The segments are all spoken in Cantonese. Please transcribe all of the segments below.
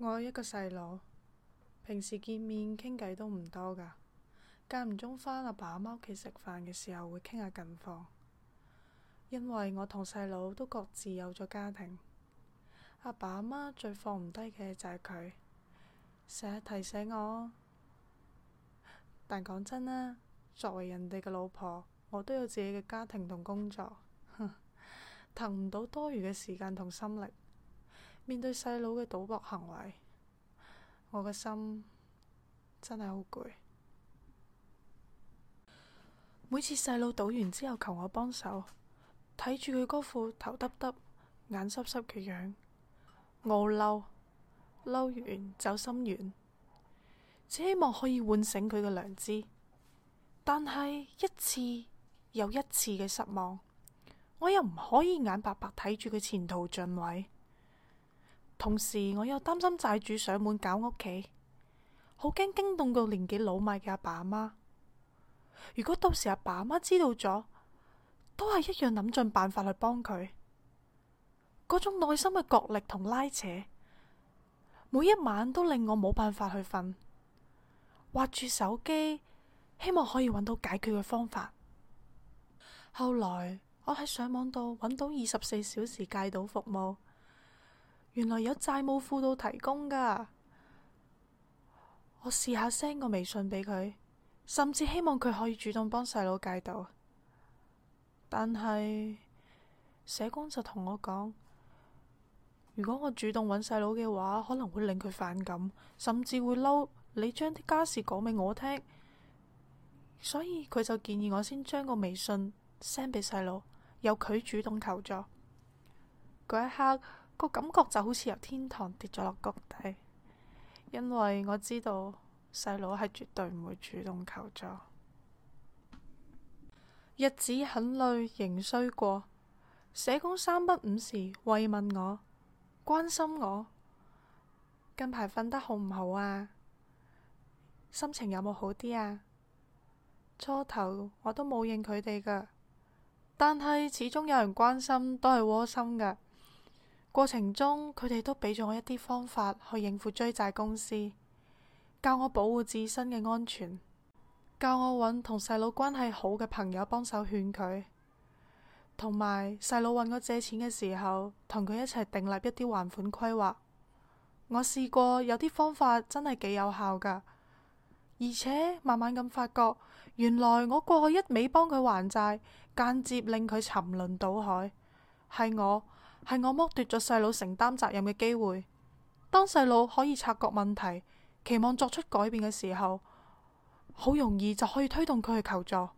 我有一個細佬，平時見面傾偈都唔多㗎，間唔中返阿爸阿媽屋企食飯嘅時候會傾下近況。因為我同細佬都各自有咗家庭，阿爸阿媽最放唔低嘅就係佢，成日提醒我。但講真啦，作為人哋嘅老婆，我都有自己嘅家庭同工作，騰唔到多餘嘅時間同心力。面對細佬嘅賭博行為，我嘅心真係好攰。每次細佬賭完之後求我幫手，睇住佢嗰副頭耷耷、眼濕濕嘅樣，傲嬲嬲完走心軟，只希望可以喚醒佢嘅良知。但係一次又一次嘅失望，我又唔可以眼白白睇住佢前途盡毀。同時，我又擔心債主上門搞屋企，好驚驚動個年紀老邁嘅阿爸阿媽。如果到時阿爸阿媽知道咗，都係一樣諗盡辦法去幫佢。嗰種內心嘅角力同拉扯，每一晚都令我冇辦法去瞓，握住手機，希望可以揾到解決嘅方法。後來我喺上網度揾到二十四小時戒賭服務。原來有債務輔導提供噶，我試下 send 個微信俾佢，甚至希望佢可以主動幫細佬戒賭。但係社工就同我講，如果我主動揾細佬嘅話，可能會令佢反感，甚至會嬲你將啲家事講俾我聽。所以佢就建議我先將個微信 send 俾細佬，由佢主動求助。嗰一刻。個感覺就好似由天堂跌咗落谷底，因為我知道細佬係絕對唔會主動求助。日子很累，仍需過。社工三不五時慰問我，關心我。近排瞓得好唔好啊？心情有冇好啲啊？初頭我都冇應佢哋噶，但係始終有人關心都係窩心噶。過程中，佢哋都俾咗我一啲方法去應付追債公司，教我保護自身嘅安全，教我揾同細佬關係好嘅朋友幫手勸佢，同埋細佬揾我借錢嘅時候，同佢一齊訂立一啲還款規劃。我試過有啲方法真係幾有效㗎，而且慢慢咁發覺，原來我過去一味幫佢還債，間接令佢沉淪賭海，係我。係我剝奪咗細佬承擔責任嘅機會。當細佬可以察覺問題，期望作出改變嘅時候，好容易就可以推動佢去求助。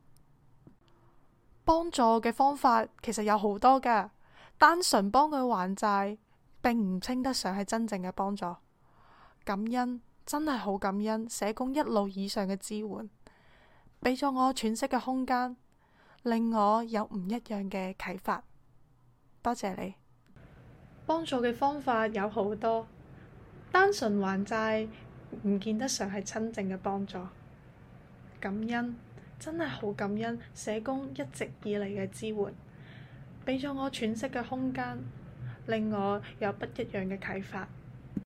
幫助嘅方法其實有好多㗎，單純幫佢還債，並唔稱得上係真正嘅幫助。感恩，真係好感恩社工一路以上嘅支援，俾咗我喘息嘅空間，令我有唔一樣嘅啟發。多謝你。幫助嘅方法有好多，單純還債唔見得上係真正嘅幫助。感恩，真係好感恩社工一直以嚟嘅支援，畀咗我喘息嘅空間，令我有不一樣嘅啟發。